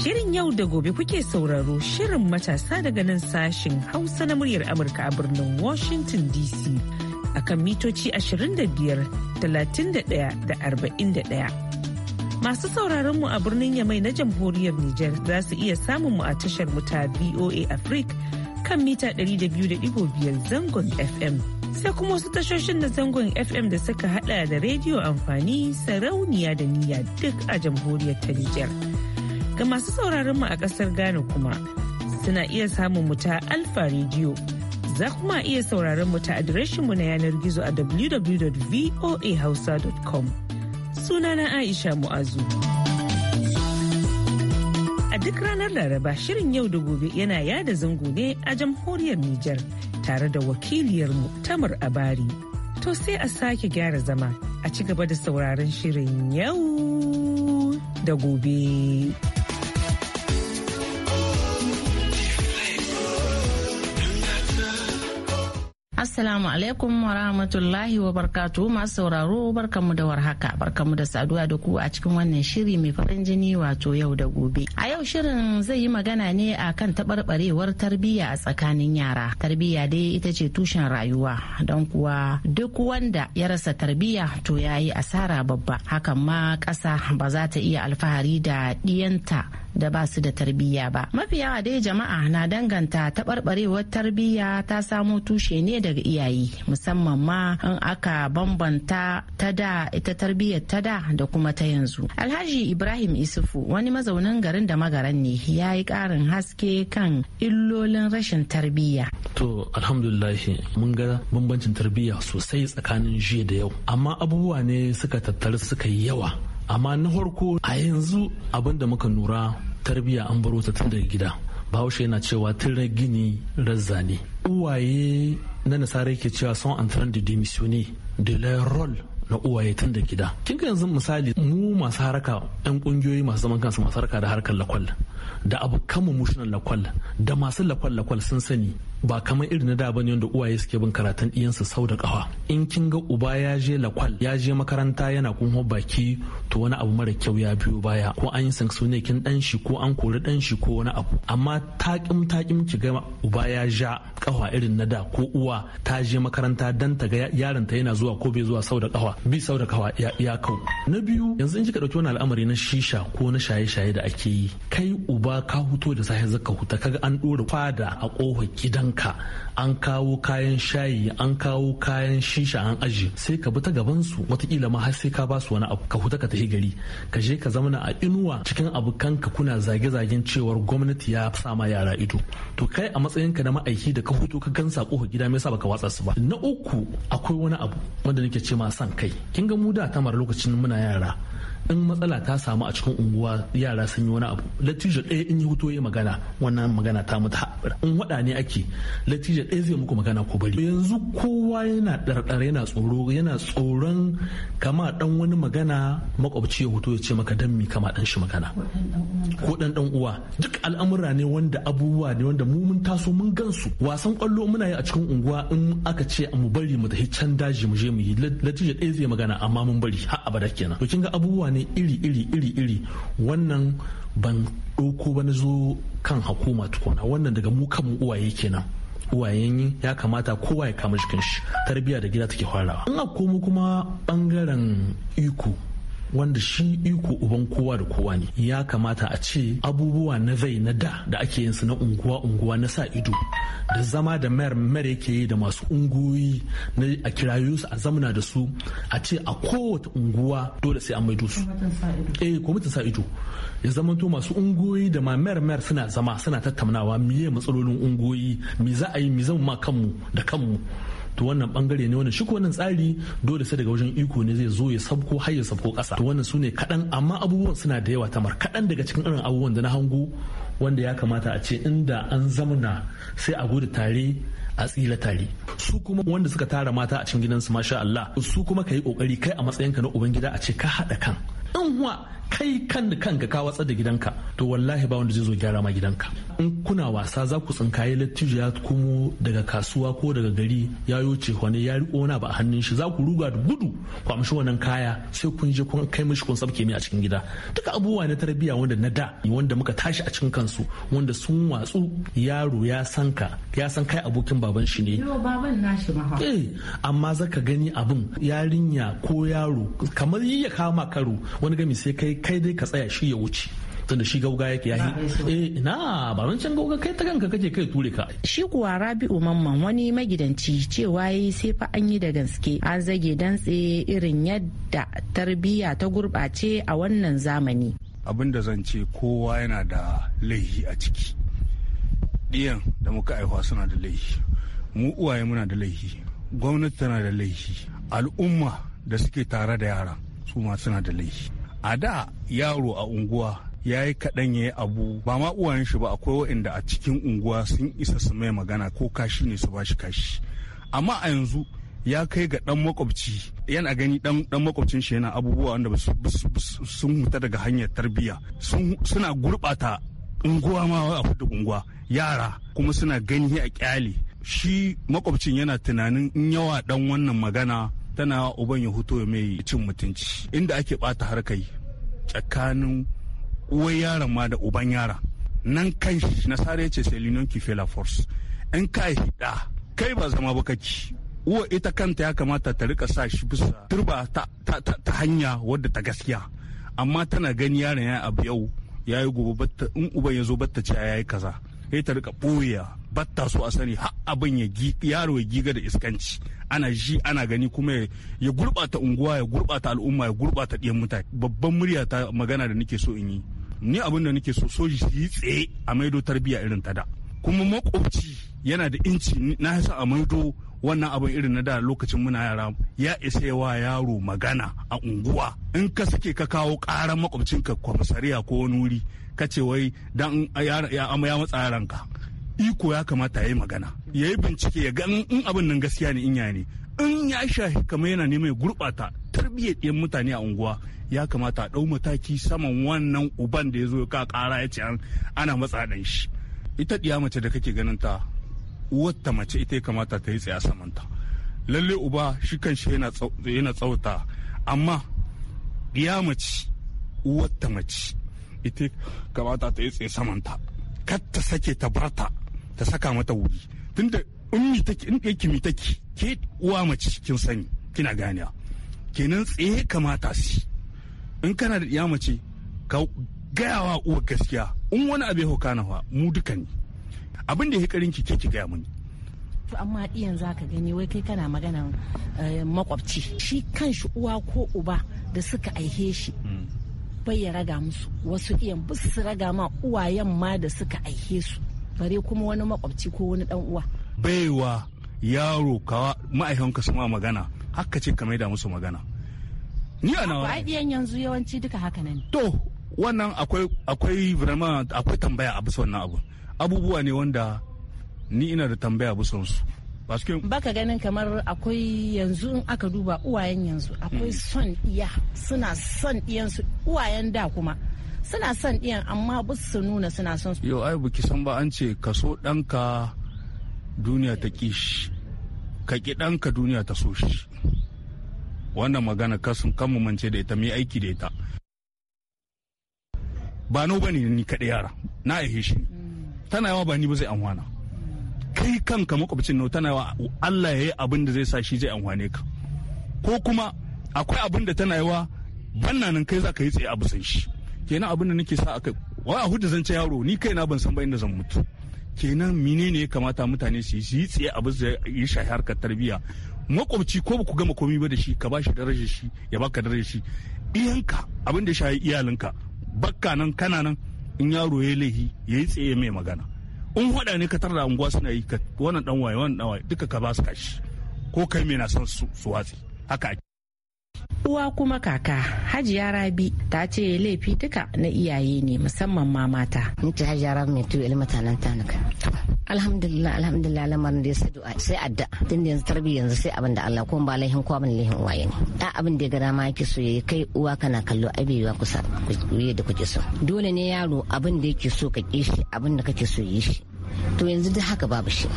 Shirin yau da gobe kuke sauraro shirin matasa daga nan sashin Hausa na muryar Amurka a birnin Washington DC akan mitoci 25, da 41. Masu sauraron mu a birnin Yamai na jamhuriyar Nijar za su iya samun mu a tashar mu ta VOA Africa kan mita 200.5 zangon FM. Sai kuma wasu tashoshin na zangon FM da suka hada da rediyo amfani sarauniya da niyya duk a jamhuriyar ta Nijar. Ga masu sauraron mu a kasar Ghana kuma suna iya samun mu ta Alfa Radio. Za kuma iya sauraron mu ta adireshin mu na yanar gizo a www.voahausa.com. na Aisha Mu'azu. A duk ranar Laraba shirin yau da gobe yana yada zango ne a jamhuriyar Nijar tare da wakiliyar mu Tamar Abari. To sai a sake gyara zama a ci gaba da sauraron shirin yau da gobe. Assalamu alaikum wa rahmatullahi wa barkatu masu sauraro barkamu da warhaka barkamu da saduwa da ku a cikin wannan shiri mai farin jini wato yau da gobe. A yau shirin zai yi magana ne a kan taɓarɓarewar tarbiyya a tsakanin yara. Tarbiyya dai ita ce tushen rayuwa don kuwa duk wanda ya rasa tarbiyya to ya yi asara babba. Hakan ma ƙasa ba za ta iya alfahari da ɗiyanta da ba su da tarbiyya ba. Mafi yawa dai jama'a na danganta taɓarɓarewar tarbiyya ta samo tushe ne da daga iyaye musamman ma in aka bambanta ta da ita tarbiyyar ta da da kuma ta yanzu alhaji ibrahim isufu wani mazaunin garin da magaran ne ya yi karin haske kan illolin rashin tarbiyya to alhamdulillah mun ga bambancin tarbiyya sosai tsakanin jiya da yau amma abubuwa ne suka tattara suka yi yawa amma na farko a yanzu abin da muka nura tarbiyya an baro ta tun daga gida bahaushe yana cewa tirar gini razza ne uwaye na nasarar ke cewa son an de démissionner de leur rôle na uwaye tun da gida kinka yanzu misali mu masu haraka yan kungiyoyi masu zaman kansu masu haraka da harkar lakwal da abu kama mushinan lakwal da masu lakwal lakwal sun sani ba kamar irin na da bane wanda uwaye suke bin karatun ɗiyansu sau da ƙawa in kin ga uba ya je lakwal ya je makaranta yana kuma baki to wani abu mara kyau ya biyo baya ko an yi ne kin dan shi ko an kori dan shi ko wani abu amma takim takim ki ga uba ya ja ƙawa irin na da ko uwa ta je makaranta dan ta ga yaron ta yana zuwa ko bai zuwa sau da ƙawa bi sau da ƙawa ya kau na biyu yanzu in kika dauki wani al'amari na shisha ko na shaye-shaye da ake yi kai uba uba ka huto da safe zaka huta kaga an ɗora fada a ƙofar gidanka an kawo kayan shayi an kawo kayan shisha an aji sai ka bi ta gaban su wataƙila ma har sai ka ba su wani abu ka huta ka tafi gari ka je ka zamana a inuwa cikin abokanka kuna zage-zagen cewar gwamnati ya sa ma yara ido to kai a matsayin ka na ma'aiki da ka huto ka gansa ƙofar gida me yasa baka watsa su ba na uku akwai wani abu wanda nake ce ma san kai kin ga mu da tamar lokacin muna yara in matsala ta samu a cikin unguwa yara sun yi wani abu latijo ɗaya in yi hoto ya magana wannan magana ta mutu in waɗa ne ake latijo ɗaya zai muku magana ko bari yanzu kowa yana ɗarɗar yana tsoro yana tsoron kama ɗan wani magana makwabci ya hutu ya ce maka dan mi kama ɗan shi magana ko ɗan ɗan uwa duk al'amura ne wanda abubuwa ne wanda mu mun taso mun gansu wasan kwallo muna yi a cikin unguwa in aka ce mu bari mu tafi can daji mu je mu yi latijo ɗaya zai magana amma mun bari har abada kenan to kin ga abubuwa ne bayanai iri-iri iri-iri wannan ban ɗauko ba na zo kan hukuma tukuna wannan daga mu kan uwaye kenan uwayen ya kamata kowa ya kama jikin shi tarbiyya da gida take farawa in a komo kuma bangaren iko wanda shi iko uban kowa da kowa ne ya kamata a ce abubuwa na zai na da da ake yin su na unguwa unguwa na sa ido da zama da mayar mayar yake yi da masu unguwoyi na a kirayo su a zamana da su a ce a kowace unguwa dole sai an maido su eh kwamitin sa ido ya zama to masu unguwoyi da ma mayar mayar suna zama suna tattaunawa miye matsalolin unguwoyi mi za a yi mi zama ma kanmu da kanmu to wannan bangare ne wannan shi ko wannan tsari dole sai daga wajen iko ne zai zo ya sabko har ya sabko kasa to wannan su ne kaɗan amma abubuwan suna da yawa tamar kadan daga cikin irin abubuwan da na hango wanda ya kamata a ce inda an zamuna sai a gode tare a tsira tare su kuma wanda suka tara mata a cikin gidansu masha Allah su kuma ka yi kokari kai a matsayinka na ubangida a ce ka haɗa kan in kai kan kanka ka watsar da gidanka to wallahi ba wanda zai zo gyara ma gidanka in kuna wasa za ku tsinkaye lattijo ya komo daga kasuwa ko daga gari ya yo wani ya riko wani ba a hannun shi za ku ruga da gudu ku amshi wannan kaya sai kun je kun kai mishi kun sabke mai a cikin gida duka abubuwa na tarbiyya wanda na da wanda muka tashi a cikin kansu wanda sun watsu yaro ya san ka ya san kai abokin baban shi ne baban nashi eh amma zaka gani abin yarinya ko yaro kamar yi ya kama karo wani gami sai kai kai dai ka tsaya shi ya wuce tunda shi gauga yake ya yi na eh, ba can gauga kai ta kanka kake kai ture ka shi kuwa Rabi'u Mamman wani magidanci cewa yi sai fa an yi da gaske an zage dantse irin yadda tarbiyya ta gurbace a wannan zamani abin da zan ce kowa yana da laihi a ciki ɗiyan da muka aihuwa suna da laihi mu uwaye muna da laihi gwamnati tana da laihi al'umma da suke tare da yara su ma suna da laihi a da yaro a unguwa ya yi kaɗan ya yi abu ba ma uwayen shi ba akwai waɗanda a cikin unguwa sun isa su mai magana ko kashi ne su bashi kashi amma a yanzu ya kai ga ɗan makwabci yana gani dan makwabcin shi yana abubuwa wanda sun huta daga hanyar tarbiyya suna gurɓata unguwa ma a hudu unguwa yara kuma suna gani a kyale shi makwabcin yana tunanin in yawa dan wannan magana tana uban ya huto mai cin mutunci inda ake bata harkai tsakanin uwar yaron ma da uban yara nan kan shi nasara ya ce selinon kifela force in ka yi hida kai ba zama ba kake uwa ita kanta ya kamata ta rika sa shi bisa turba ta, hanya wadda ta gaskiya amma tana gani yaron ya abu yau ya yi gobe in uban ya zo batta ce ya yi kaza sai ta rika boya batta so a sani har abin ya yaro ya giga da iskanci ana ji ana gani kuma ya gurbata unguwa ya gurbata al'umma ya gurbata ɗiyan mutane babban murya ta magana da nake so in yi ni abin da nake so soji yi tsaye a maido tarbiya irin ta da kuma makwabci yana da inci na hasa a maido wannan abin irin na da lokacin muna yara ya isa wa yaro magana a unguwa in ka sake ka kawo ƙaran makwabcinka kwamisariya ko wani wuri ka ce wai dan ya matsa yaran ka. iko ya kamata ya yi magana ya yi bincike ya ganin in abin nan gaskiya ne in ne in ya shahi kamar yana neman ya gurɓata tarbiyyar ɗiyan mutane a unguwa ya kamata a ɗau mataki saman wannan uban da ya zo ka ƙara ya ce ana matsa ɗan shi ita ɗiya mace da kake ganin ta wata mace ita ya kamata ta yi tsaye a samanta lalle uba shi kan shi yana tsauta amma ɗiya mace wata mace ita kamata ta yi tsaye samanta kar ta sake ta barta ta saka mata wuri tunda ummi take in kai kimi take ke uwa mace kin sani kina gane kenan tsaye kamata si in kana da iya mace ka gayawa uwa gaskiya in wani abu ya mu duka ne abin da ya karin ki ki gaya muni to amma iyan za ka gani wai kai kana maganan eh, makwabci shi kanshi uwa ko uba da suka aihe shi hmm. bai ya raga musu wasu iyan bisu raga ma uwayen ma da suka aihe su bare kuma wani makwabci ko wani dan uwa baiwa yaro kawa ma'aikanka su ma magana haka ce ka maida musu magana ni a nawa Ba yanzu yawanci duka haka ne to wannan akwai akwai akwai tambaya a bisa wannan abu abubuwa ne wanda ni ina da tambaya a bisa su baka ganin kamar akwai yanzu in aka duba uwayen yanzu akwai hmm. son iya suna son iyansu uwayen da kuma suna son ɗiyan amma ba su nuna suna son su. Yau ai ki san ba an ce ka so ɗanka duniya ta ƙi shi, ka ƙi ɗanka duniya ta so shi. Wannan magana kasun kan mance da ita mai aiki da ita. Ba no bane ni kaɗai yara, na aihe shi. Tana yawa ba ni ba zai amfana. Kai kanka makwabcin nau tana yawa Allah ya yi abin da zai sa shi zai anwane ka. Ko kuma akwai abin da tana yawa bannanin kai za ka yi tsaye a bisan shi. kenan abin da nake sa aka wa a hudu zance yaro ni kaina ban san ba inda zan mutu kenan mine ne ya kamata mutane su yi tsaye abin da ya shafi harkar tarbiyya makwabci ko ba ku gama komi ba da shi ka ba shi darajar shi ya baka darajar shi iyanka abin da shafi iyalinka bakka nan kana nan in yaro ya laihi ya yi tsaye mai magana in hada ne ka tarda unguwa suna yi ka wannan dan waye wannan dan waye duka ka ba su kashi ko kai mai na son su watsi haka ake. Uwa kuma kaka Hajiya Rabi ta ce laifi duka na iyaye ne musamman ma mata. Mutu Hajiya Rabi mai tuyo nan ta nuka. Alhamdulillah alhamdulillah lamarin da ya sai du'a sai adda tun yanzu tarbi yanzu sai abin da Allah ko ba laihin kwa ban laihin waye ne. Da abin da ya gada ma yake so yayi kai uwa kana kallo abewa kusa kuye da kuke so. Dole ne yaro abin da yake so ka ki shi abin da kake so yi shi. To yanzu duk haka babu shi.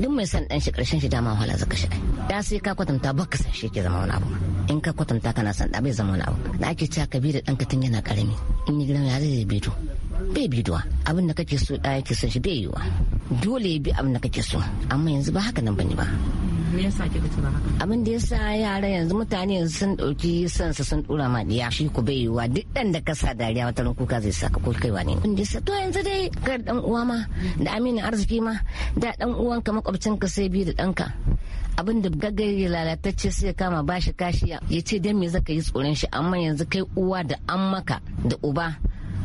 duk mai san dan shi karshen shi dama wahala zaka shi da sai ka kwatanta ba ka san shi ke zama wani abu in ka kwatanta kana san da bai zama wani abu na ake cewa ka bi da danka tun yana karami in yi gidan ya zai bi to bai bi duwa abin da kake so da yake son shi bai yiwa dole ya bi abin da kake so amma yanzu ba haka nan bane ba me yasa kika ba haka abin da yasa yara yanzu mutane yanzu sun dauki su sun dora ma diya shi ku bai yiwa duk dan da ka sa dariya wata ran kuka zai saka ko kaiwa ne abin da yasa to yanzu dai ga dan uwa ma da aminin arziki ma da dan uwanka makwabcinka sai bi da danka abin da gaggai lalatacce sai kama bashi kashi ya ce dan me zaka yi tsoron shi amma yanzu kai uwa da an maka da uba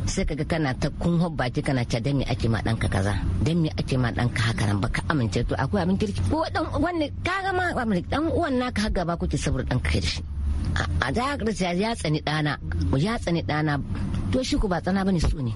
sai kaga kana ta kun baki kana ce dan me ake ma danka kaza dan me ake ma danka haka nan baka amince to akwai abin kirki ko dan wanne ka ga ma dan uwan naka har gaba kuke saboda danka kai shi a da ya tsani dana ya tsani dana to shi ku ba tsana bane su ne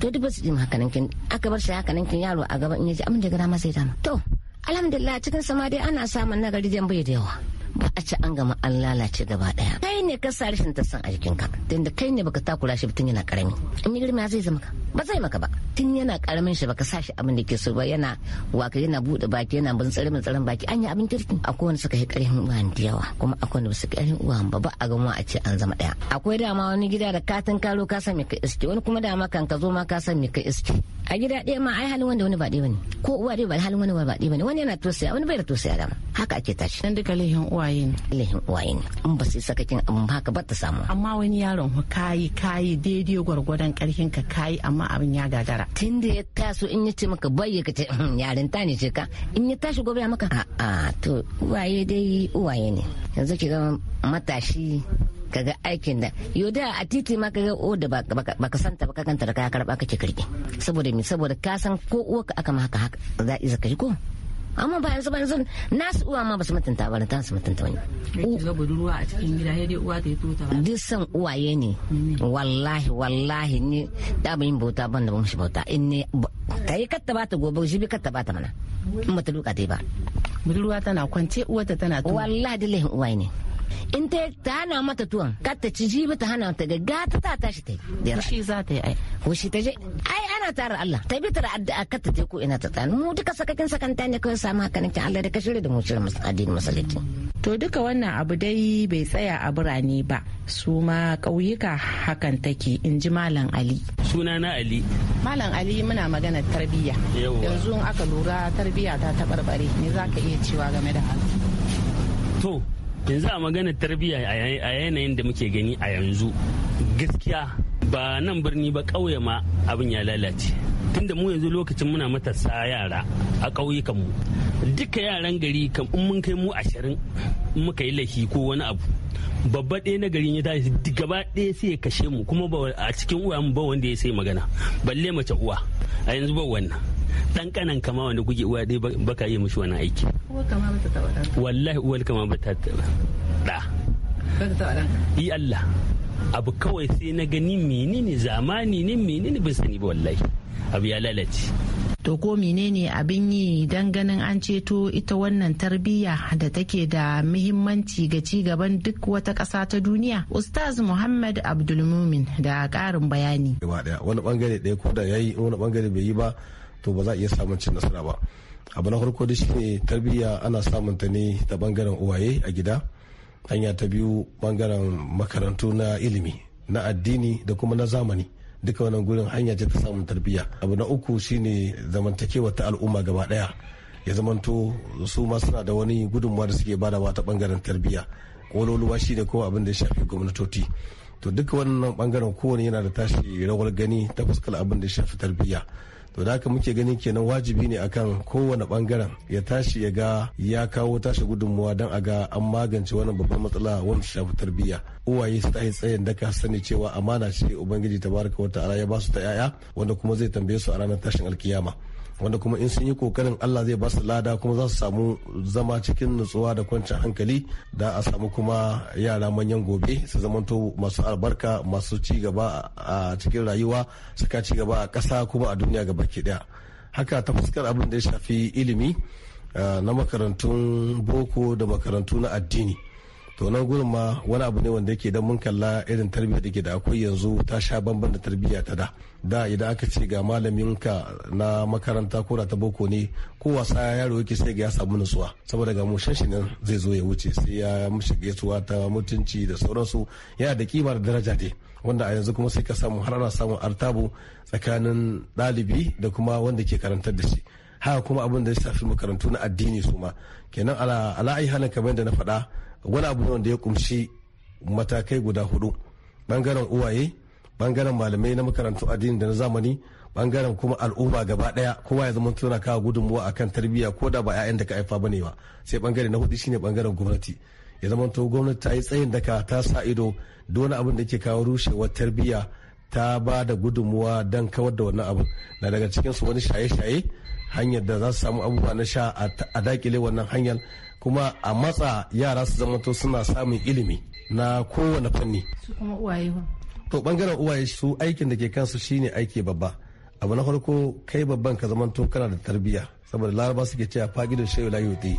to duk ji haka nan kin aka bar shi nan kin yaro a gaban in yaji Amin da gara ma sai dama to alhamdulillah cikin sama dai ana samun nagari jan bai da yawa ba a ci an gama an lalace gaba daya ne ka sa rashin ta san a jikinka tunda kai ne baka takura shi tun yana karami in girma zai zama ka ba zai maka ba tun yana karamin shi baka sashi abin da ke so ba yana waka yana bude baki yana bin tsare tsaren baki an abin kirkin akwai wanda suka yi karin uwan da yawa kuma akwai wanda suka yi uwan ba ba a ga mu a ce an zama daya akwai dama wani gida da katin karo ka san me ka iske wani kuma dama kan ka zo ma ka san me ka iske a gida ɗaya ma ai halin wanda wani ba dai bane ko uwa dai ba halin wani ba dai bane wani yana tosiya wani bai da tosiya dama haka ake tashi dan duka lehin uwaye ne lehin uwaye ne in ba su saka kin abin haka ba ta samu amma wani yaron kai kayi daidai gwargwadon karfin ka kai amma amma abin ya gagara tun da ya taso in ya ce maka bayyana ka ce hmm, yarinta ne ce ka in ya tashi gobe maka a'a to uwaye dai uwaye ne yanzu ki ga matashi kaga aikin da da a titi ma kaga o da baka santa baka kanta da ka karba kake karbi saboda mi saboda ka san ko uwa ka aka ma haka haka za a iza ko amma ba yanzu ba yanzu nasu uwa ma basu mutunta ba ta su mutunta wani ga budurwa a cikin gida sai dai uwa ta yi tota ba duk san uwaye ne wallahi wallahi ni da yin bauta ban da shi bauta in ne yi katta ba ta gobe shi bi katta ba ta mana in ba ta duka dai ba budurwa tana kwance Uwata tana wallahi dalihin uwaye ne in ta hana mata tuwon kar ta ci jibi ta hana ta gaga ta ta tashi ta yi shi za ta yi ai shi ta je ai ana tara Allah ta bi ta addu'a kar ta je ko ina ta tsani mu duka sakakin sakanta ne kawai samu haka nake Allah da ka shirya da mu shirya addinin musulunci to duka wannan abu dai bai tsaya a birane ba su ma ƙauyuka hakan take in ji malam ali suna na ali malam ali muna magana tarbiyya yanzu aka lura tarbiyya ta taɓarɓare me za ka iya cewa game da haka to yanzu a maganar tarbiyya a yanayin da muke gani a yanzu gaskiya ba nan birni ba kauye ma abin ya lalace tunda mu yanzu lokacin muna matasa yara a ƙauyukanmu duka yaran gari kan mun kai mu ashirin muka yi laifi ko wani abu babba ɗaya na garin ya tashi gaba ɗaya sai ya kashe mu kuma a cikin uwa mu ba wanda ya sai magana balle mace uwa a yanzu ba wannan dan kanan kama wanda kuke uwa dai baka yi mishi wani aiki wallahi uwar kama ba ta taba da yi Allah abu kawai sai na gani menene zamani ne menene ba sani ba wallahi abu ya lalace to ko menene abin yi don ganin an ceto ita wannan tarbiyya da take da muhimmanci ga ci gaban duk wata ƙasa ta duniya ustaz muhammad abdulmumin da ƙarin bayani wani bangare ɗaya ko da yayi wani bangare bai yi ba to ba za a iya samun cin nasara ba abu na farko da shine tarbiyya ana samun ta ne ta bangaren uwaye a gida hanya ta biyu bangaren makarantu na ilimi na addini da kuma na zamani duka wannan gurin hanya ce ta samun tarbiyya abu na uku shine zamantakewa ta al'umma gaba daya ya zamanto su ma suna da wani gudunmawa da suke badawa ta bangaren tarbiyya kololuwa shi da kowa abin da ya shafi gwamnatoci to duka wannan bangaren kowane yana da tashi rawar gani ta fuskar abin da ya shafi tarbiyya to da haka muke ganin kenan wajibi ne akan kowane bangaren ya tashi ya ga ya kawo tashi gudunmuwa don a ga an magance wannan babban matsala wanda shafi tarbiyya uwaye su yi tsayin daka sani cewa amana ce ubangiji tabaraka wata ala ya ba su ta yaya wanda kuma zai tambaye su a ranar tashin alkiyama wanda kuma in sun yi kokarin Allah zai ba su lada kuma za su samu zama cikin nutsuwa da kwanciyar hankali da a samu kuma yara manyan gobe su zamanto masu albarka masu ci gaba a cikin rayuwa suka ci gaba a ƙasa kuma a duniya gaba ki daya haka ta fuskar abin da ya shafi ilimi eh, na makarantun boko da makarantu na addini to nan gurin ma wani abu ne wanda yake dan mun kalla irin tarbiyyar da ke da akwai yanzu ta sha bamban da tarbiyya ta da da idan aka ce ga malaminka na makaranta ko da ta boko ne ko wasa yaro yake sai ga ya samu nutsuwa saboda ga mushin shi nan zai zo ya wuce sai ya mishi gaisuwa ta mutunci da sauransu yana da kima da daraja dai wanda a yanzu kuma sai ka samu har ana samun artabu tsakanin ɗalibi da kuma wanda ke karantar da shi haka kuma abin da ya shafi makarantu na addini su ma kenan ala ayi kamar da na faɗa wani abu ne wanda ya kumshi matakai guda hudu bangaren uwaye bangaren malamai na makarantu addini da na zamani bangaren kuma al'umma gaba daya kowa ya zama tuna kawo gudunmuwa akan tarbiyya ko da ba 'ya'yan da ka haifa bane ba sai bangare na hudu shine bangaren gwamnati ya zama to gwamnati ta yi tsayin da ka ta sa ido da wani abin da ke kawo rushewar tarbiyya ta ba da gudunmuwa don kawar da wannan abu na daga cikinsu wani shaye-shaye hanyar da za su samu abubuwa na sha a dakile wannan hanyar kuma a matsa yara su zamanto suna samun ilimi na kowane fanni to bangaren uwaye su aikin da ke kansu shine aiki babba abu na farko kai babban ka zamanto kana da tarbiyya saboda laraba suke cewa fagidin shayu layu yuti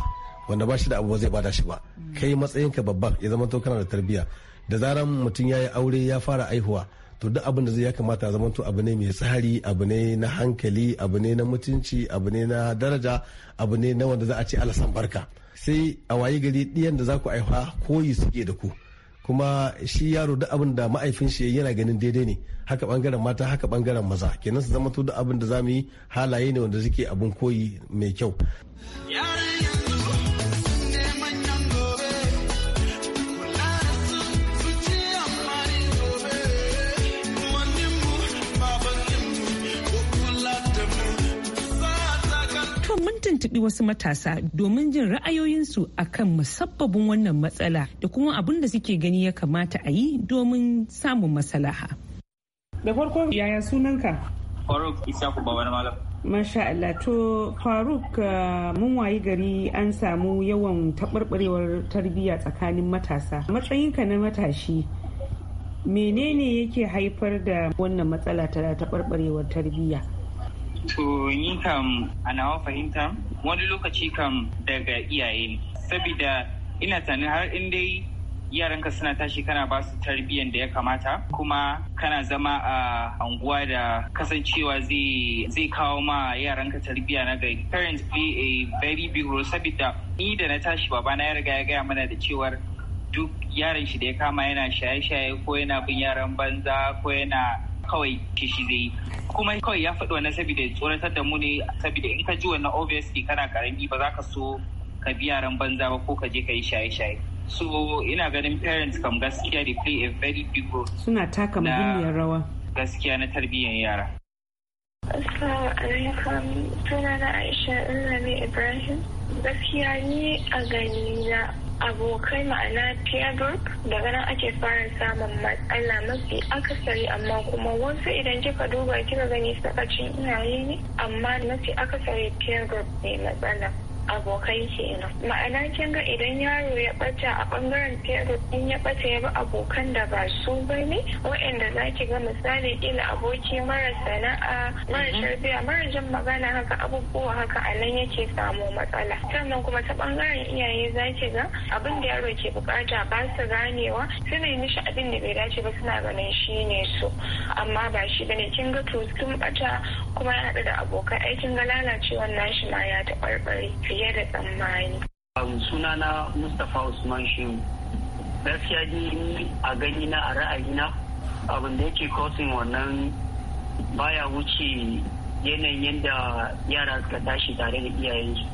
wanda ba shi da abu zai bada shi ba kai matsayinka babban ya zamanto kana da tarbiyya da zaran mutum ya yi aure ya fara aihuwa to duk abin da zai ya kamata zama to abu ne mai tsari abu ne na hankali abu ne na mutunci abu ne na daraja abu ne na wanda za a ce alasan barka sai a wayi gari ɗiyan da za ku aifa koyi suke da ku kuma shi yaro duk abin da ma'aifin shi yana ganin daidai ne haka bangaren mata haka bangaren maza kenan su zama to duk abin da za mu yi halaye ne wanda suke abin koyi mai kyau. tuntuɓi wasu matasa domin jin ra'ayoyinsu akan musabbabin wannan matsala da kuma abin da suke gani ya kamata a yi domin samun masalaha Da farko yaya sunanka? Faruk Isaku Babar Malam. Masha Allah to Faruk uh, mun wayi gari an samu yawan taɓarɓarewar tarbiyya tsakanin matasa. Matsayinka na matashi menene yake haifar da wannan matsala ta taɓarɓarewar tarbiyya? To ni kam a nawa fahimta wani lokaci kam daga iyaye ne. Sabida ina tunanin har in dai yaranka suna tashi kana ba su tarbiyyar da ya kamata kuma kana zama a anguwa da kasancewa zai kawo ma yaranka tarbiyya na gari. Parents play a very big role sabida ni da na tashi babana ya riga ya gaya mana da cewar duk yaran shi da ya kama yana shaye-shaye ko yana bin yaran banza ko yana kawai ke shi zai yi kuma kawai ya faɗi wannan saboda tsoratar da mu ne saboda in ka ji wannan obviously kana karami ba za ka so ka bi yaran banza ba ko ka je ka yi shaye-shaye so ina ganin parents kam gaskiya they play a very big role suna taka muhimmiyar rawa gaskiya na tarbiyyar yara Assalamu alaikum suna na Aisha Ilami Ibrahim. Gaskiya ni a gani na abokai ma'ana peer daga nan ake fara samun matsala mafi akasari amma kuma wasu idan kika duba kika gani sakacin iyaye ne amma mafi akasari peer ne matsala. abokai kenan ma'ana kin ga idan yaro ya ɓata a ɓangaren fero in ya ɓata ya bi abokan da ba su ba ne waɗanda za ki ga misali ila aboki mara sana'a mara sharbiya mhm. mara jin magana haka abubuwa haka a nan yake samu matsala sannan kuma ta ɓangaren iyaye za ki ga abin da yaro ke buƙata ba su ganewa suna yi mishi abin da bai dace ba suna ganin shi ne su amma ba shi ne kin ga to sun ɓata kuma ya haɗu da abokai aikin ga lalacewan nashi ma ya taɓarɓare fiye da tsammani. sunana mustapha usman shehu gaskiya ni a gani na a ra'ayina abin da yake kosin wannan baya wuce yanayin yadda yara suka tashi tare da iyayensu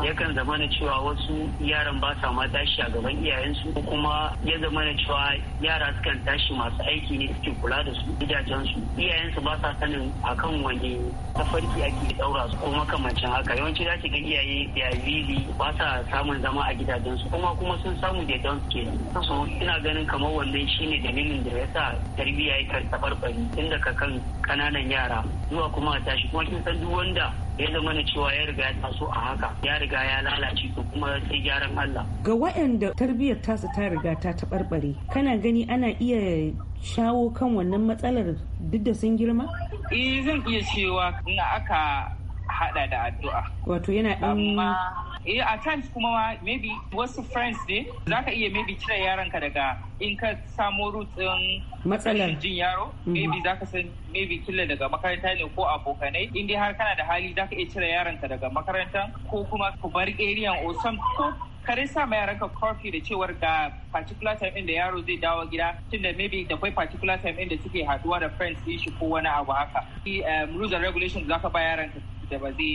yakan zama na cewa wasu yaran ba sa ma tashi a gaban iyayensu ko kuma ya zama na cewa yara sukan tashi masu aiki ne suke kula da su gidajensu iyayensu ba sa sanin akan wani tafarki ake daura su kuma kamancin haka yawanci za ki ga iyaye ya zizi ba sa samun zama a gidajensu kuma kuma sun samu da don suke so ina ganin kamar wannan shine dalilin da ya sa tarbiyya ya kan tabarbari tun daga kan kananan yara zuwa kuma a tashi kuma kin san duk wanda ya zama na cewa ya riga ya taso a haka ya riga ya lalace to kuma sai gyaran Allah. Ga waɗanda tarbiyyar tasu ta riga ta taɓarɓare kana gani ana iya shawo kan wannan matsalar duk da sun girma? Eh zan iya cewa na aka hada da addu'a. Wato yana ɗan eh a times kuma maybe wasu friends ne zaka iya maybe cire yaranka daga in ka samo root matsalar jin yaro mm. maybe ka san maybe killa daga makaranta ne ko abokanai in dai har kana da hali zaka iya cire yaranka daga makarantar ko kuma ku bar area or some ko kare sa ma yaranka coffee da cewar ga particular time inda yaro zai dawo gida tunda maybe da kwai particular time inda suke haduwa da friends din shi ko wani abu haka um, rules and regulations zaka ba yaranka da ba zai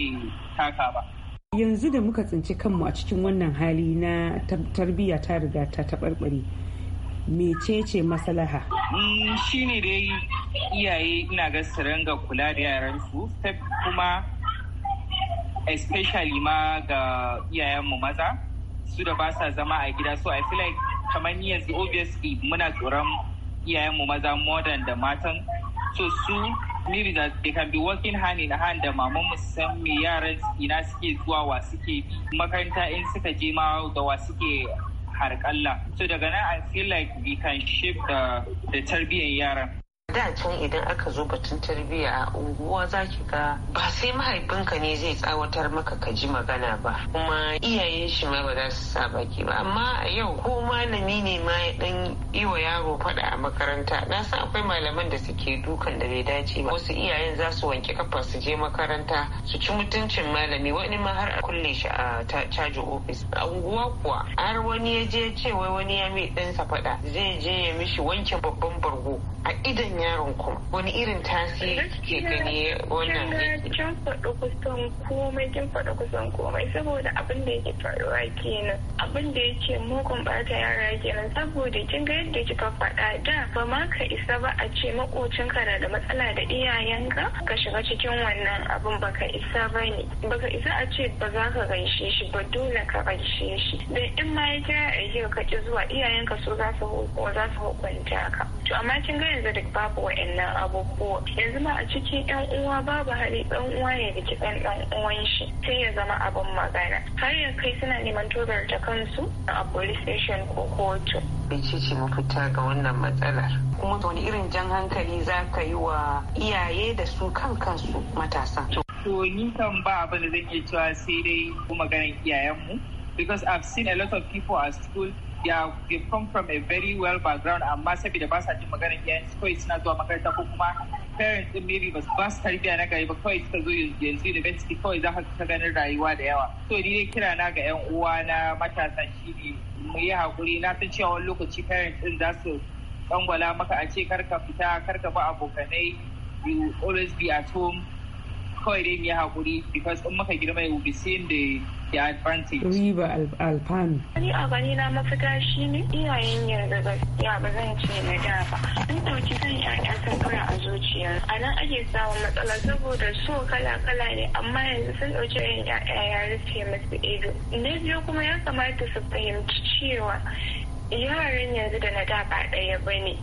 taka ba yanzu da muka tsinci kanmu a cikin wannan hali na tarbiyya ta riga ta taɓarɓare mecece maslaha mm, shi ne dai iyaye ina ga su ringa kula da yaran yaransu kuma especially ma ga iyayenmu maza su da ba sa zama a gida so i feel like kamar ni yanzu obviously muna tsoron iyayenmu maza more than da matan so su clearly that they can be working hand in hand da maman mu san me yaran ina suke zuwa wa suke makaranta in suka je ma da wa suke harƙalla so daga nan i feel like we can shape the tarbiyyar yaran da can idan aka zo batun tarbiyya a unguwa za ki ga ba sai mahaifinka ne zai tsawatar maka ka ji magana ba kuma iyayen shi ma ba za su sa baki ba amma a yau ko malami ne ma ya dan yi wa yaro faɗa a makaranta na san akwai malaman da suke dukan da bai dace ba wasu iyayen za su wanke kafa su je makaranta su ci mutuncin malami wani ma har a kulle shi a caji ofis a unguwa kuwa har wani ya je ce wai wani ya mai ɗansa faɗa zai je ya mishi wanke babban bargo a idan yaron ku wani irin tasiri ke gani wannan kin faɗi kusan komai kin faɗi kusan komai saboda abin da yake faruwa kenan abin da yake mugun bata yara kenan saboda kin ga yadda kika faɗa da ba ma ka isa ba a ce makocinka na da matsala da iyayenka ka shiga cikin wannan abin ka isa ba ne ka isa a ce ba za ka gaishe shi ba dole ka gaishe shi dan in ma ya kira a yau ka ki zuwa iyayenka su za su hukunta ka to amma kin ga yanzu duk babu Waɗannan abubuwa ya zama a cikin yan uwa babu hali dan uwa ya riki dan dan uwan shi sai ya zama abin magana har ya kai suna neman tozar ta kansu a police station ko kotu ce mafita ga wannan matsalar kuma wani irin jan hankali za ka yi wa iyaye da su kan kansu matasa to ni kan ba abin da zan iya cewa sai dai maganar iyayenmu because I've seen a lot of people at school ya come from a very well background amma saboda ba sa jin maganar su kawai suna zuwa makaranta ko kuma parents din maybe ba ba su tarbiya na gari ba kawai suka zo yanzu university kawai za ka ganin rayuwa da yawa so ni dai kira na ga yan uwa na matasa ne mu yi hakuri na san cewa wani lokaci parents din za su dangwala maka a ce karka fita karka ba abokanai you always be at home kawai dai mu yi hakuri because in muka girma you be seeing the riba alfanu. Ni a gani na mafita shi ne iyayen yanzu gaskiya ba zan ce na da ba. Sun ɗauki zan ƴaƴa sun a zuciya. A nan ake samun matsala saboda so kala-kala ne amma yanzu sun ɗauki ƴaƴa ya rufe masu ido. Na biyu kuma ya kamata su fahimci cewa yaran yanzu da na da ba ɗaya ba ne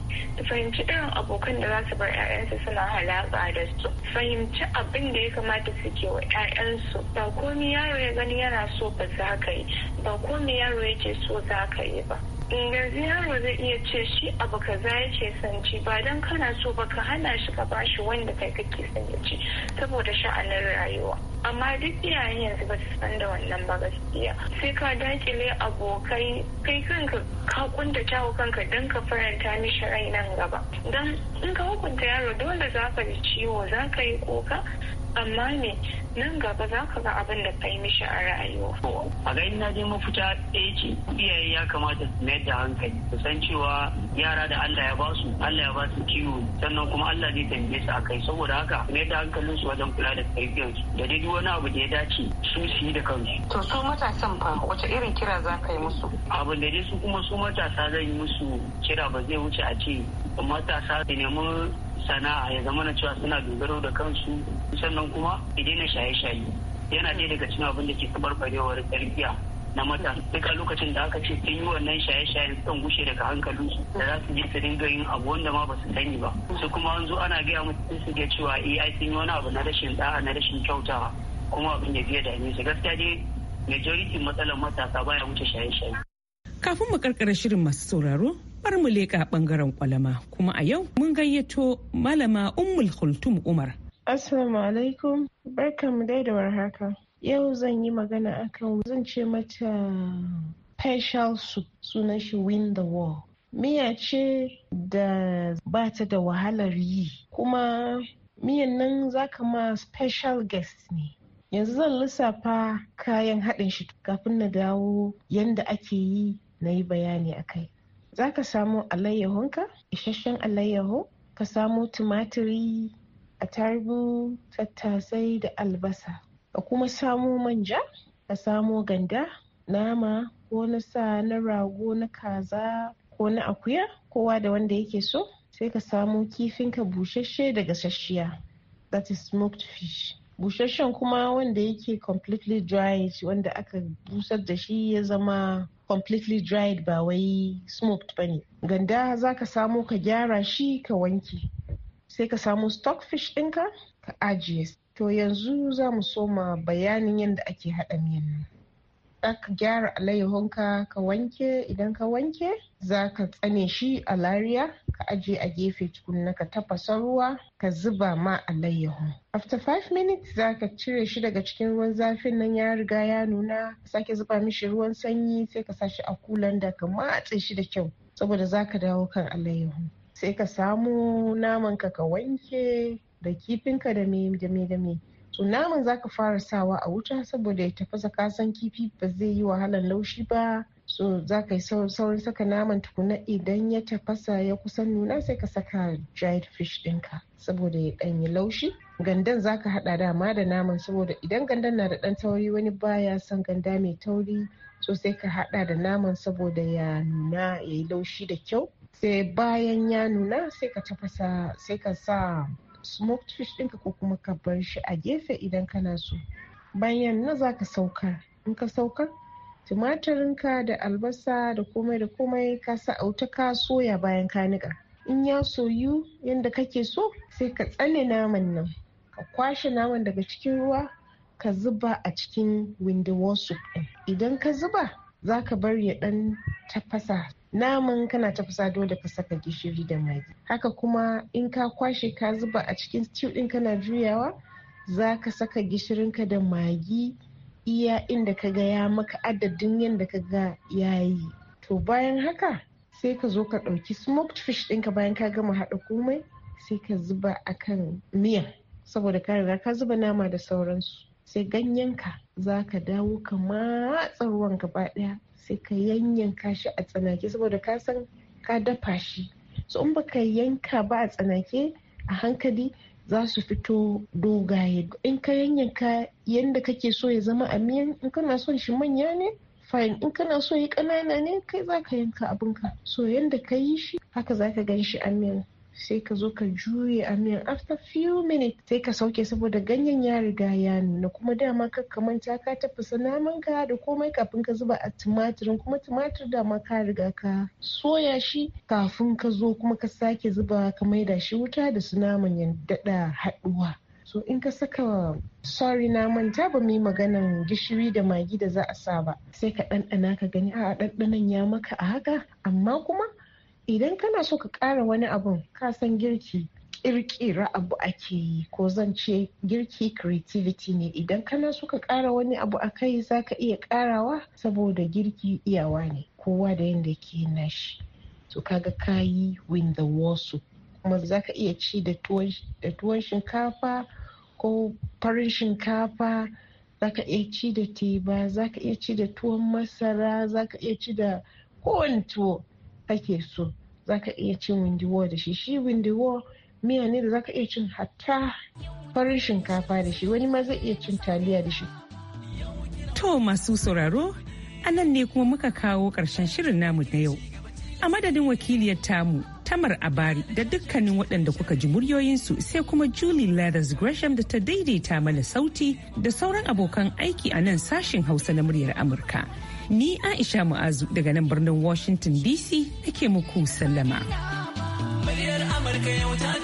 fahimci irin abokan da za su bar 'ya'yansu suna halaƙa da su fahimci abin da ya kamata suke wa 'ya'yansu ba komi yaro ya gani yana so ba za ka yi ba komi yaro yake so za ka yi ba yanzu yaro zai iya ce shi abu ka ya ce san ci ba dan kana so ba ka hana shi ka bashi wanda kai kake son ya ci saboda sha'anin rayuwa amma duk iyayen yanzu ba su san da wannan ba gaskiya sai ka dakile abokai kai kanka ka kuntata wa kanka dan ka faranta mishi rai nan gaba don in ka hukunta yaro dole za ka ji ciwo za ka yi kuka amma ne nan gaba za ka ga abin da ka yi mishi a rayuwa. a ganin na je mafita ɗaya ce iyaye ya kamata su mayar da hankali su san cewa yara da Allah ya basu Allah ya basu kiwo sannan kuma Allah zai tambaye su kai. saboda haka mayar da hankalin su wajen kula da tarbiyyar su da dai duk wani abu da ya dace su su yi da kansu. to su matasan fa wace irin kira za ka yi musu. abin da dai su kuma su matasa zan yi musu kira ba zai wuce a ce matasa su nemi sana'a ya zama na cewa suna dogaro da kansu sannan kuma idan daina shaye-shaye yana ɗaya daga cikin abin da ke tabarbarewar tarbiyya na mata duk a lokacin da aka ce sun yi wannan shaye-shayen sun gushe daga hankalinsu da za su je su dinga yin abu wanda ma ba su sani ba su kuma an zo ana gaya musu su ga cewa eh ai sun yi wani abu na rashin da'a na rashin kyautawa kuma abin da biya dame su gaskiya dai majority matsalar matasa baya wuce shaye-shaye kafin mu karkara shirin masu sauraro bar mu leƙa ɓangaren kwalama kuma a yau mun gayyato malama ummul khultum umar assalamu alaikum barkanmu dai da warhaka yau zan yi magana akan zan ce mata facial soup sunan shi win the war miya ce da ba ta da wahalar yi kuma miyan nan zaka ma special guest ne yanzu zan lissafa kayan haɗin shi kafin na dawo yanda ake yi na yi bayani a kai za ka samo alayyahunka isasshen alayyahu ka samo tumatiri a attarugu tattasai da albasa ka kuma samo manja ka samo ganda nama ko na sa na rago na kaza ko na akuya kowa da wanda yake so sai ka samo kifinka busasshe daga gasasshiya that is smoked fish busasshen kuma wanda yake completely dried wanda aka busar da shi ya zama completely dried ba wai smoked ba ne ganda za ka samo ka gyara shi ka wanke sai ka samo stockfish ɗinka ka ajiye to yanzu za mu soma bayanin yadda ake haɗa miyan nan ka gyara alayyahun ka wanke idan ka wanke za ka tsane shi a lariya ka aje a gefe tukunna ka tafasa ruwa ka zuba ma alayyahun after five minutes za ka cire shi daga cikin ruwan zafin nan ya riga ya nuna sake zuba mishi ruwan sanyi sai ka sa shi a kulan da ka matse shi da kyau saboda za ka dawo kan alayyahun sai ka samu naman ka ka wanke da kifinka da me da me da me so naman ka fara sawa a wuta saboda ya tafasa kasan kifi ba zai yi wahalan laushi ba so za ka yi saurin saka naman tukuna idan ya tafasa ya kusan nuna sai ka saka dried fish dinka saboda ya ɗanyi laushi gandan za ka haɗa dama da naman saboda idan gandan na da ɗan tauri wani baya son ganda mai tauri so sai ka haɗa da naman saboda ya nuna ya yi laushi da kyau sai bayan ya nuna sai ka tafasa sai ka sa smoked fish ɗinka ko kuma ka bar shi a gefe idan kana so bayan na za ka sauka in ka sauka tumatirinka da albasa da komai da komai ka sa auta ka soya bayan ka niƙa in ya soyu yadda kake so sai ka tsane naman nan ka kwashe naman daga cikin ruwa ka zuba a cikin window soup ɗin idan ka zuba za ka bar ya ɗan tafasa naman kana tafasa dole ka saka gishiri da magi haka kuma in ka kwashe ka zuba a cikin stew din kana juyawa za ka saka gishirin ka da magi iya inda ka ga ya maka adadin yadda ka ga ya yi to bayan haka sai ka zo ka ɗauki smoked fish ɗinka bayan ka gama haɗa komai sai ka zuba akan miya saboda ka riga ka zuba nama da sauransu sai ganyenka za ka dawo ka matsa ruwan gaba ɗaya sai ka yanyanka shi a tsanake saboda ka san ka dafa shi so in baka yanka ba a tsanake a hankali za su fito dogaye in ka yanyanka yadda kake so ya zama a miyan in kana son shi manya ne fine in kana so yi ƙanana ne kai za ka yanka abinka so yadda ka yi shi haka za ka gan shi a miyan sai ka zo ka juye a miyan after few minutes sai ka sauke saboda ganyen ya riga ya nuna kuma dama ka kamanta ka tafasa naman ka da komai kafin ka zuba a tumatirin kuma tumatir dama ka riga ka soya shi kafin ka zo kuma ka sake zuba ka maida shi wuta da su naman ya daɗa haduwa. so in ka saka sorry na manta ba mu maganan gishiri da magi da za a sa ba sai ka ɗanɗana ka gani a ɗanɗanan ya maka a haka amma kuma idan kana so ka ƙara wani abun ka san girki kirkira abu ake yi ko zan ce girki creativity ne idan kana so ka ƙara wani abu a kai za ka iya ƙarawa saboda girki iyawa ne kowa da yadda ke nashi to kaga kayi win the wasu kuma za ka iya ci da tuwon shinkafa ko farin shinkafa za ka iya ci da teba za ka iya ci da tuwon masara za ka iya ci da kowane tuwo ake so zaka iya cin windiwo da shi shi windiwo miya ne da zaka iya cin hatta farin shinkafa da shi wani ma zai iya cin taliya da shi to masu sauraro anan ne kuma muka kawo ƙarshen shirin namu na yau a madadin wakiliyar tamu tamar abari da dukkanin waɗanda kuka ji muryoyinsu sai kuma julie leathers gresham da ta daidaita mana sauti da sauran abokan aiki a nan sashin hausa na muryar amurka Ni Aisha Mu'azu daga nan birnin Washington DC nake muku sallama. Muryar Amurka yau ta